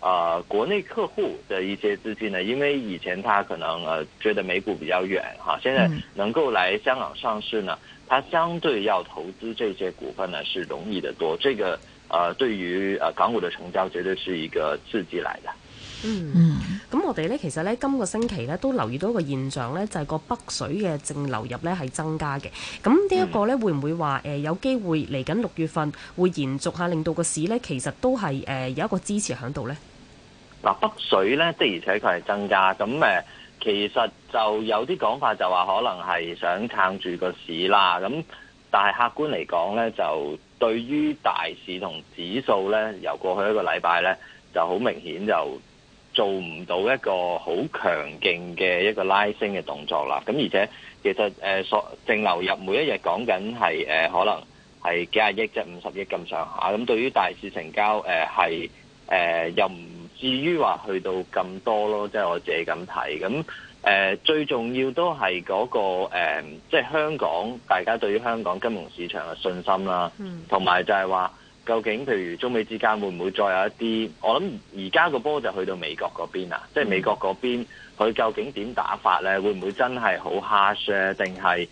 啊、呃，國內客戶的一些資金呢，因為以前他可能呃覺得美股比較遠哈，現在能夠來香港上市呢，他相對要投資這些股份呢是容易得多。這個呃對於呃港股的成交絕對是一個刺激來的。嗯，咁我哋呢，其實呢，今個星期呢，都留意到一個現象呢就係、是、個北水嘅淨流入呢係增加嘅。咁呢一個呢，會唔會話誒、呃、有機會嚟緊六月份會延續下，令到個市呢，其實都係誒、呃、有一個支持喺度呢。嗱，北水咧的而且確係增加咁誒，其實就有啲講法就話可能係想撐住個市啦。咁但係客觀嚟講咧，就對於大市同指數咧，由過去一個禮拜咧就好明顯就做唔到一個好強勁嘅一個拉升嘅動作啦。咁而且其實誒所，呃、淨流入每一日講緊係誒，可能係幾廿億即係五十億咁上下。咁對於大市成交誒係誒又唔～至於話去到咁多咯，即、就、係、是、我自己咁睇咁最重要都係嗰、那個即係、呃就是、香港大家對於香港金融市場嘅信心啦，同埋、嗯、就係話究竟，譬如中美之間會唔會再有一啲？我諗而家個波就去到美國嗰邊、嗯、啦，即係美國嗰邊佢究竟點打法咧？會唔會真係好 harsh，定係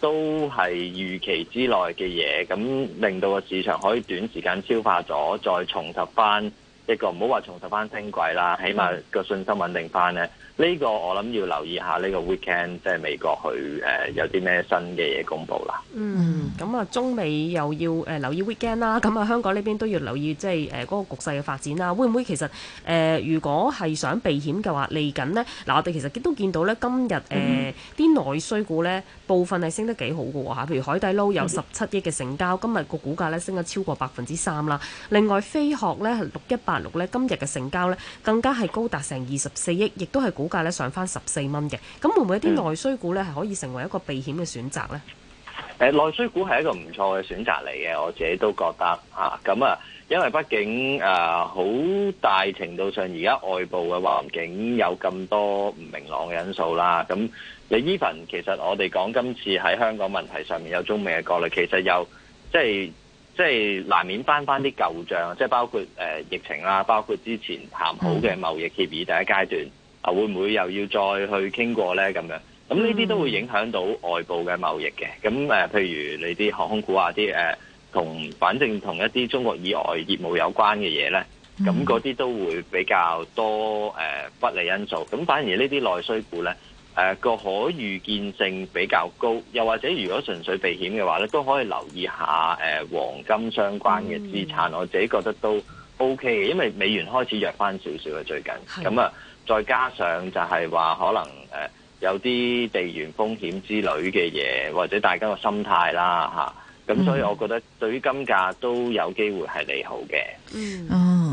都係預期之內嘅嘢？咁令到個市場可以短時間消化咗，再重拾翻。一個唔好話重拾翻升軌啦，起碼個信心穩定翻咧。呢個我諗要留意一下呢個 weekend，即係美國去誒、呃、有啲咩新嘅嘢公布啦、嗯。嗯，咁、嗯、啊，中美又要誒、呃、留意 weekend 啦。咁、嗯、啊，嗯嗯嗯、香港呢邊都要留意，即係誒嗰個局勢嘅發展啦。會唔會其實誒、呃、如果係想避險嘅話，嚟緊呢？嗱、呃，我哋其實都見到呢，今日誒啲內需股呢部分係升得幾好嘅喎、啊、譬如海底撈有十七億嘅成交，嗯、今日個股價咧升咗超過百分之三啦。另外飛鶴呢係六一八六呢，今日嘅成交呢更加係高達成二十四億，亦都係股價咧上翻十四蚊嘅，咁會唔會啲內需股咧係可以成為一個避險嘅選擇咧？誒、嗯，內需股係一個唔錯嘅選擇嚟嘅，我自己都覺得吓。咁啊，因為畢竟誒好、啊、大程度上而家外部嘅環境有咁多唔明朗嘅因素啦。咁你 even 其實我哋講今次喺香港問題上面有中美嘅角力，其實又即係即係難免翻翻啲舊賬，即係包括誒、呃、疫情啦，包括之前談好嘅貿易協議第一階段。嗯啊，會唔會又要再去傾過呢？咁樣咁呢啲都會影響到外部嘅貿易嘅。咁誒、mm. 呃，譬如你啲航空股啊，啲誒同反正同一啲中國以外業務有關嘅嘢呢，咁嗰啲都會比較多誒、呃、不利因素。咁反而呢啲內需股呢，誒、呃、個可預見性比較高，又或者如果純粹避險嘅話呢，都可以留意下誒、呃、黃金相關嘅資產。Mm. 我自己覺得都 OK 嘅，因為美元開始弱翻少少嘅，最近咁的啊。再加上就係話可能誒有啲地緣風險之類嘅嘢，或者大家個心態啦吓，咁、嗯、所以我覺得對於金價都有機會係利好嘅。嗯。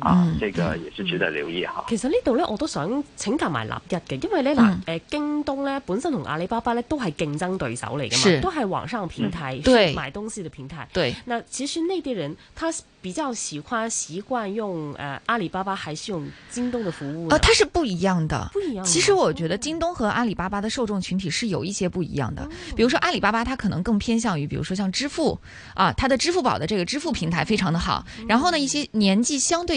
啊，這個也是值得留意哈，嗯、其實呢度咧，我都想請教埋立吉嘅，因為咧嗱，誒、嗯呃，京東咧本身同阿里巴巴咧都係競爭對手嚟嘅嘛，是都係網上平台，嗯、對買東西嘅平台。對，那其實內地人，他比較喜歡習慣用誒、呃、阿里巴巴，還是用京東嘅服務？啊、呃，他是不一樣的，不一樣。其實我覺得京東和阿里巴巴的受眾群體是有一些不一樣的，哦、比如說阿里巴巴，它可能更偏向於，比如說像支付，啊、呃，它的支付寶的這個支付平台非常的好。嗯、然後呢，一些年紀相對。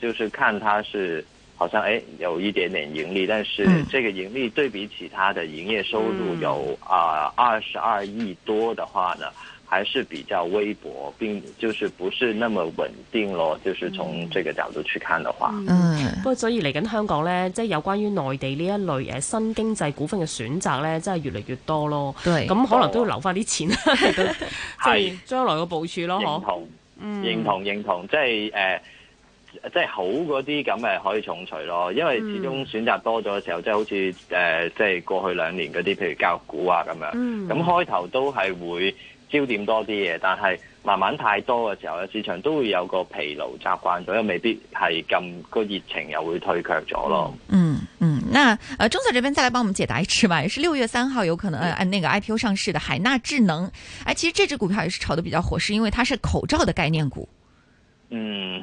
就是看他是，好像誒、哎、有一點點盈利，但是這個盈利對比起他的營業收入有啊二十二億多的話呢，還是比較微薄，並就是不是那麼穩定咯。就是從這個角度去看的話，嗯，不過所以嚟緊香港呢，即係有關於內地呢一類誒新經濟股份嘅選擇呢，真係越嚟越多咯。對，咁、嗯、可能都要留翻啲錢，對 即係將來嘅部署咯。認是同，認同，認同，即係誒。即係好嗰啲咁，咪可以重錘咯，因為始終選擇多咗嘅時候，嗯、即係好似，誒、呃，即係過去兩年嗰啲，譬如教育股啊，咁樣，咁、嗯、開頭都係會焦點多啲嘢，但係慢慢太多嘅時候咧，市場都會有個疲勞，習慣咗又未必係咁個熱情又會退卻咗咯。嗯嗯，那、呃、中所鍾 sir，這邊再來幫我們解答一次嘛，也是六月三號有可能誒、呃，那個 IPO 上市的海納智能，誒、呃，其實這支股票也是炒得比較火，是因為它是口罩的概念股。嗯。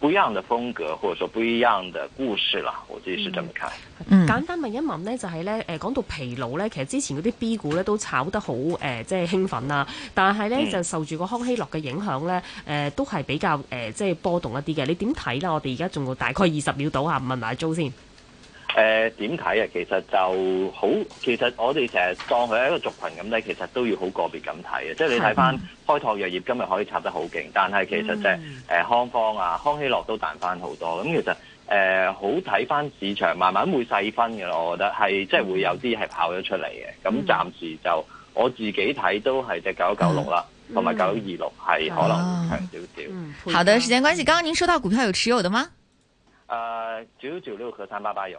不一樣的風格，或者說不一樣的故事啦，我自己是咁樣看。嗯，簡單問一問呢，就係、是、呢誒，講到疲勞呢。其實之前嗰啲 B 股呢都炒得好，誒、呃，即係興奮啦，但係呢，就受住個康希諾嘅影響呢，誒、呃，都係比較誒、呃，即係波動一啲嘅。你點睇啦？我哋而家仲要大概二十秒到啊，問埋租先。誒，點睇、呃、啊？其實就好，其實我哋成日當佢係一個族群咁咧，其實都要好個別咁睇嘅。即係你睇翻開拓藥業今日可以插得好勁，但係其實即係誒康方啊、康希諾都彈翻好多。咁、嗯、其實誒、呃、好睇翻市場，慢慢會細分嘅咯。我覺得係即係會有啲係跑咗出嚟嘅。咁暫、嗯、時就我自己睇都係隻九九六啦，同埋九二六係可能強少少。嗯、好的，時間關係，剛剛您說到股票有持有的嗎？啊、呃，主要呢個三八八有。